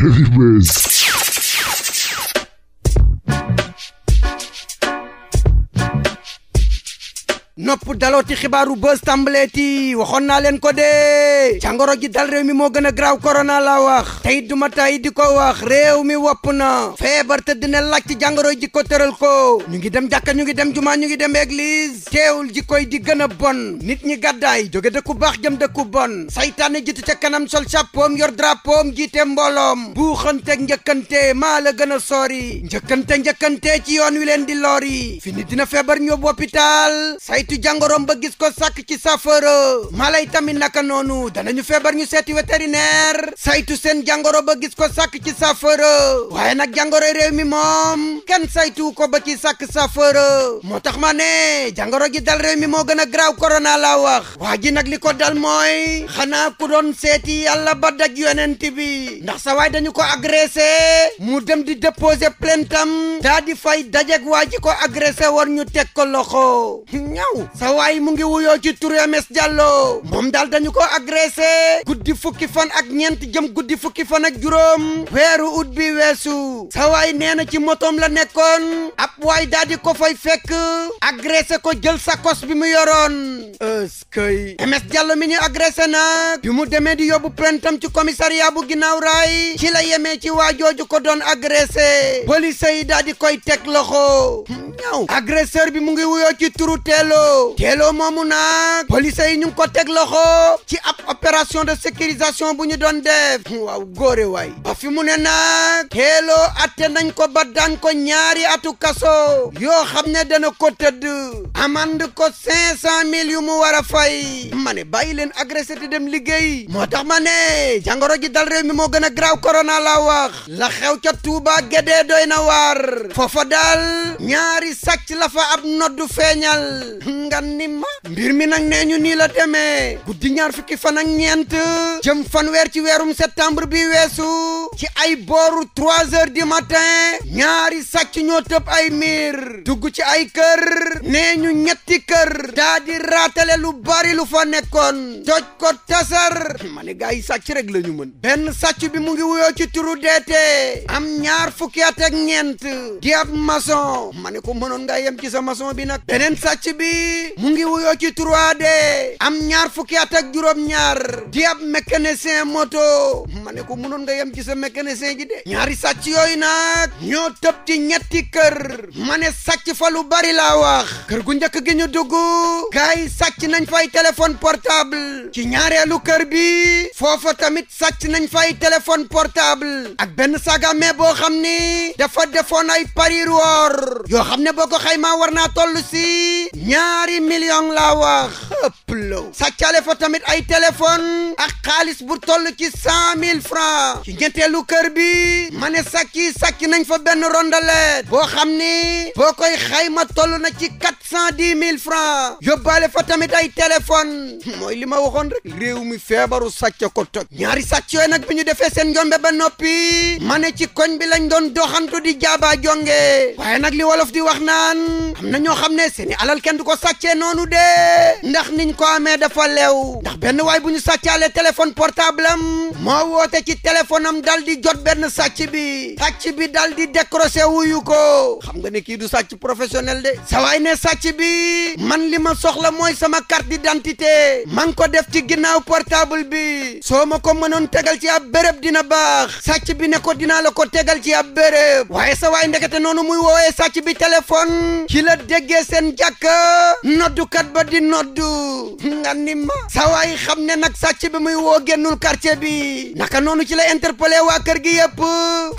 Heavyweight. nopp dalooti xibaaru bës tàmbaleeti waxoon naa leen ko de jàngoro ji dal réew mi moo gën a graaw korona la wax tey duma tay di ko wax réew mi wopp na feebar te dina laaj ci jàngoro ji ko tëral ko ñu ngi dem jàkka ñu ngi dem jumaa ñu ngi dem église teewul ji koy di gën a bon nit ñi gàddaay jóge dëkku baax jëm dëkku bon saytaane jitu ca kanam sol sàppoom yor drapoom jiite mbooloom buuxante njëkkante maa la gën a soori njëkkante njëkkante ci yoon wi leen di lori dina feebar ñu yóbbu hôpital saytu jàngoroom ba gis ko sàkk ci saafara mala yi tamit naka noonu ñu feebar ñu seeti vétérinaire saytu seen jàngoro ba gis ko sàkk ci saafara waaye nag jàngoro réew mi moom kenn saytu ko ba ci sàkk saafara moo tax ma ne jàngoro ji dal réew mi moo gën a graaw korona la wax waa ji nag li ko dal mooy xanaa ku doon seeti yàlla ba daj yonent bi ndax sa waay dañu ko agressé mu dem di déposer plainte am di fay dajeg waa ji ko agressé war ñu teg ko loxo ñaw sa waay mu ngi wuyoo ci turu MS Diallo moom daal dañu ko agressé guddi fukki fan ak ñeent jëm guddi fukki fan ak juróom weeru ut bi weesu sa waay nee na ci motoom la nekkoon ab waay daa di ko fay fekk agressé ko jël sakos bi mu yoroon eskay ms Diallo mi ñu agressé nag bi mu demee di yóbbu plaintam ci commissariat bu ginnaaw raay ci la yemee ci waa jooju ko doon agressé police yi daa di koy teg loxo ñaw agresseur bi mu ngi wuyoo ci turu teeloo teeloo moomu nag police yi ko teg loxo ci ab opération de sécurisation bu ñu doon def waaw góore waay ba fi mu ne nag teeloo atte nañ ko ba daan ko ñaari atu kaso yoo xam ne dana ko tëdd amande ko cinq cent mille yu mu war a fay ma ne bàyyi leen agressé de dem liggéey moo tax ma ne ji dal réew mi moo gën a graaw corona la wax la xew ca Touba Gédé doy na waar foofa daal ñaari sàcc la fa ab noddu feeñal nga ni ma mbir mi nag nee ñu nii la demee guddi ñaar fukki fan ak ñeent jëm fanweer ci weerum septembre bi weesu ci ay booru trois heures du matin ñaari sàcc ñoo tëb ay miir dugg ci ay kër nee ñu ñetti kër daa di raatale lu bari lu fa nekkoon toj ko tasar ma ne gaa yi sàcc rek lañu ñu mën benn sàcc bi mu ngi wuyoo ci turu deete am ñaar fukki at ak ñeent di ab maçon ma ne ko mënoon ngaa yem ci sa maçon bi nag beneen sàcc bi mu ngi wuyoo ci 3D am ñaar fukki at ak juróom-ñaar di ab mécanicien moto ma ne ko mënoon nga yem ci sa mécanicien ji de ñaari sàcc yooyu nag ñoo tëb ci ñetti kër ma sàcc fa lu bari laa wax kër gu njëkk gi ñu dugg gaay sàcc nañ ay téléphone portable ci ñaareelu kër bi foofa tamit sàcc nañ fa ay téléphone portable ak benn sagame boo xam ni dafa defoon ay paris woor yoo xam ne boo ko xaymaa war naa toll si ñaari million laa wax ëpp law sàccaale fa tamit ay téléphone ak xaalis bu toll ci cent mille francs ci ñetteelu kër bi ma ne sàcc sàcc nañ fa benn rondale boo xam ni boo koy xayma toll na ci quatre cent dix mille francs yóbbaale fa tamit ay téléphone mooy li ma waxoon rek réew mi feebaru sàcc ko toj ñaari sàcc yooyu nag bu ñu defee seen njombe ba noppi ma ne ci koñ bi lañ doon doxantu di jaaba jonge waaye nag li wolof di wax naan am na ñoo xam ne seeni alal kenn du ko sàccee noonu de ndax niñ ko amee dafa leew ndax benn waay bu ñu sàccaale téléphone portable am moo woote ci téléphone am dal di jot benn sàcc bi sàcc bi dal di décroché wuyu ko xam nga ne kii du sàcc professionnel de sa waay ne sàcc bi man li ma soxla mooy sama carte d'identité man ko def ci ginnaaw portable bi soo ma ko mënoon tegal ci ab béréb dina baax sàcc bi ne ko dinaa la ko tegal ci ab béréb waaye sa waay ndekete noonu muy woowee sàcc bi téléphone ci la déggee seen jàkka noddukat ba di noddu nga ni ma xam ne nag sàcc bi muy woo génnul quartier bi naka noonu ci la interpellé waa kër gi yëpp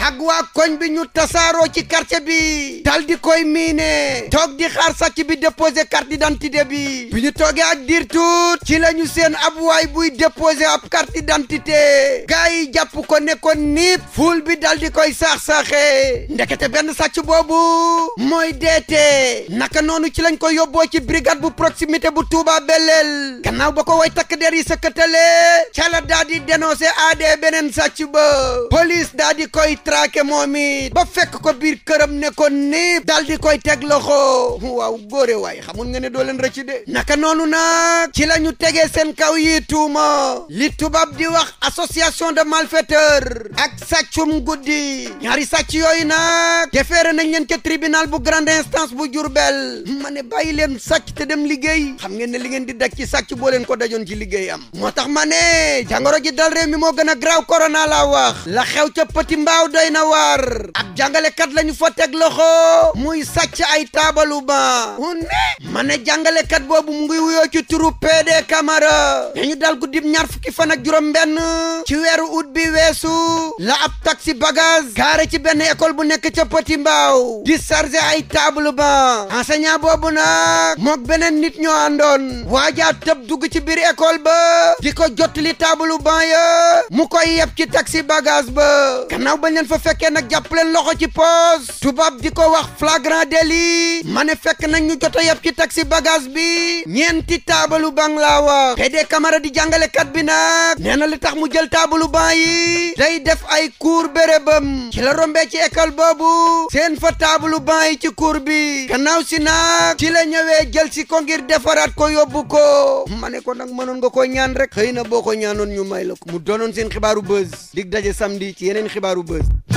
ak waa koñ bi ñu tasaaroo quartier bi dal di koy miine toog di xaar sàcc bi déposé carte d'identité bi bi ñu toogee ak diir tuut ci la ñu seen abuwaay waay buy déposé ab carte d'identité gars yi jàpp ko ne ko niip fuul bi dal di koy saax-saaxee ndekete benn sàcc boobu mooy deetee naka noonu ci lañ koy yóbboo ci brigade bu proximité bu Touba Belel gannaaw ba ko way takk der yi sëkkatale ca la daa di dénoncé aadee beneen sàcc ba police daa di koy traqué moomi ba fekk ko biir këram ne ko népp dal di koy teg loxo waaw góore waay xamun nga ne doo leen rëcc de naka noonu nag ci la ñu tegee seen kaw yi tuuma li tubaab di wax association de malfaiteurs ak sàccum guddi ñaari sàcc yooyu nag defeere nañ leen ca tribunal bu grande instance bu Jurbel ma ne bàyyi leen sàcc te dem liggéey xam ngeen ne li ngeen di daj ci sàcc boo leen ko dajoon ci liggéey am moo tax ma ne jàngoro ji dal réew mi moo gën a graaw corona laa wax la xew ca Petit Mbaaw doy na waar jàngalekat lañ lañu fa teg loxo muy sàcc ay taabalu ba un ne ma ne jàngalekat boobu mu ngi wuyoo ci turu PD Camara dañu dal guddi ñaar fukki fan ak juróom benn ci weeru ut bi weesu la ab taxi bagage gaare ci benn école bu nekk ca Petit Mbao di chargé ay taabalu ba enseignant boobu nag mook beneen nit ñoo àndoon waajaa tëb dugg ci biir école ba di ko jottali taabalu ban ya mu koy yeb ci taxi bagage ba gannaaw bañ leen fa fekkee nag jàpp leen loxo ci poos bagage tubaab di ko wax flagrant délit ma ne fekk nañ ñu jot a yab ci taxi bagage bi ñeenti taabalu bank laa wax te de camara di jàngalekat bi nag nee na li tax mu jël taabalu bank yi day def ay cours bérébam ci la rombee ci école boobu seen fa taabalu bank yi ci cours bi gannaaw si nag ci la ñëwee jël si ko ngir defaraat ko yóbbu ko ma ne ko nag mënoon nga ko ñaan rek xëy na boo ko ñaanoon ñu may la ko mu doonoon seen xibaaru buzz dig daje samedi ci yeneen xibaaru buzz